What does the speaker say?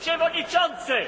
przewodniczący!